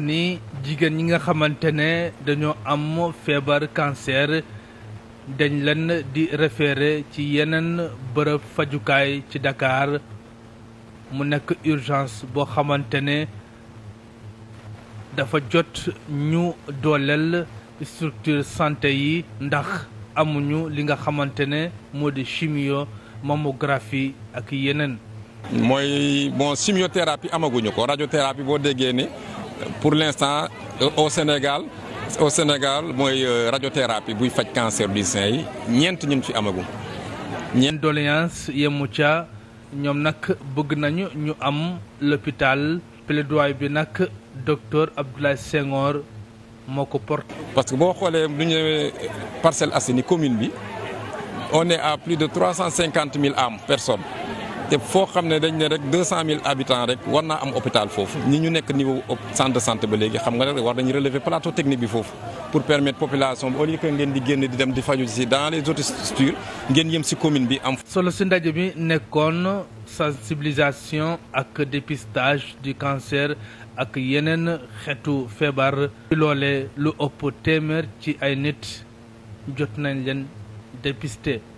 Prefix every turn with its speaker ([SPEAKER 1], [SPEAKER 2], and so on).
[SPEAKER 1] gis jigéen ñi nga xamante ne dañoo am feebar cancer dañ leen di référé ci yeneen bërëb fajukaay ci dakaar mu nekk urgence boo xamante ne dafa jot ñu dooleel structure santé yi ndax amuñu li nga xamante ne moo di chimio mammographie ak yeneen.
[SPEAKER 2] mooy bon chimiothérapie amaguñu ko radiothérapie boo déggee ne. pour l'instant euh, au Sénégal au Sénégal mooy euh, radiothérapie buy faj cancer du sein yi ñeent ñun fi amagum. ñeent doléance yemu ca
[SPEAKER 1] ñoom nag bëgg nañu ñu am l'hôpital plaidoyer bi nag docteur Abdoulaye Senghor moo ko porte.
[SPEAKER 2] parce que boo xoolee lu ñëwee Parcelles Assainies commune bi on est à plus de trois cent cinquante mille âmes personnes. te foo xam ne dañu ne rek deux cent mille habitants rek war naa am hôpital foofu ñi ñu nekk niveau centre de santé ba léegi xam nga rek war nañu relever plateau technique bi foofu pour permettre population bi au lieu ngeen di génn di dem di faju si dans les autres structures ngeen yem si commune bi am. solo si ndaje bi nekkoon
[SPEAKER 1] sensibilisation ak dépistage du cancer ak yeneen xeetu feebar. loole lu ëpp téeméer ci ay nit jot nañ leen dépister.